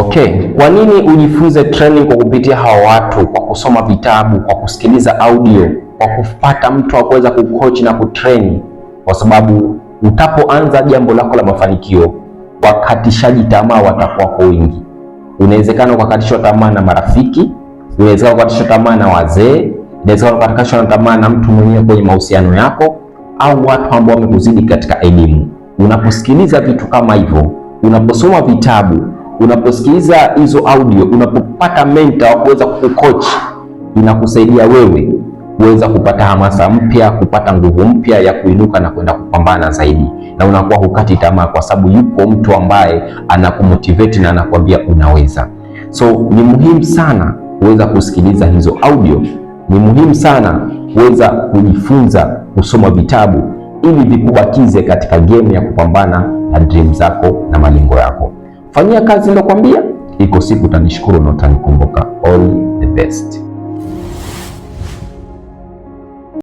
Okay, kwa nini ujifunze training kwa kupitia hawa watu, kwa kusoma vitabu, kwa kusikiliza audio, kwa kupata mtu wa kuweza kukochi na kutrain? Kwa sababu utapoanza jambo lako la mafanikio, wakatishaji tamaa watakuwa kwa wingi. unawezekana ukakatishwa tamaa na marafiki, unawezekana ukakatishwa tamaa na wazee, unawezekana ukakatishwa tamaa na mtu mwenyewe kwenye mahusiano yako, au watu ambao wamekuzidi katika elimu. Unaposikiliza vitu kama hivyo, unaposoma vitabu unaposikiliza hizo audio, unapopata mentor wa kuweza kukucoach, inakusaidia wewe kuweza kupata hamasa mpya, kupata nguvu mpya ya kuinuka na kwenda kupambana zaidi, na unakuwa hukati tamaa, kwa sababu yuko mtu ambaye anakumotivate na anakuambia unaweza. So ni muhimu sana kuweza kusikiliza hizo audio, ni muhimu sana kuweza kujifunza kusoma vitabu ili vikubakize katika game ya kupambana na dream zako na malengo yako. Fanyia kazi kwambia, iko siku utanishukuru na utanikumbuka. All the best.